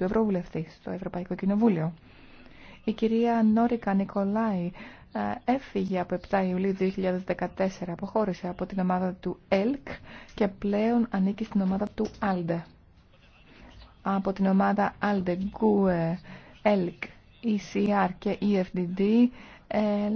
του Ευρωβουλευτή στο Ευρωπαϊκό Κοινοβούλιο. Η κυρία Νόρικα Νικολάη ε, έφυγε από 7 Ιουλίου 2014, αποχώρησε από την ομάδα του ΕΛΚ και πλέον ανήκει στην ομάδα του ΑΛΔΕ. Από την ομάδα ΑΛΔΕ, ΓΚΟΕ, ΕΛΚ, ECR και EFDD ε,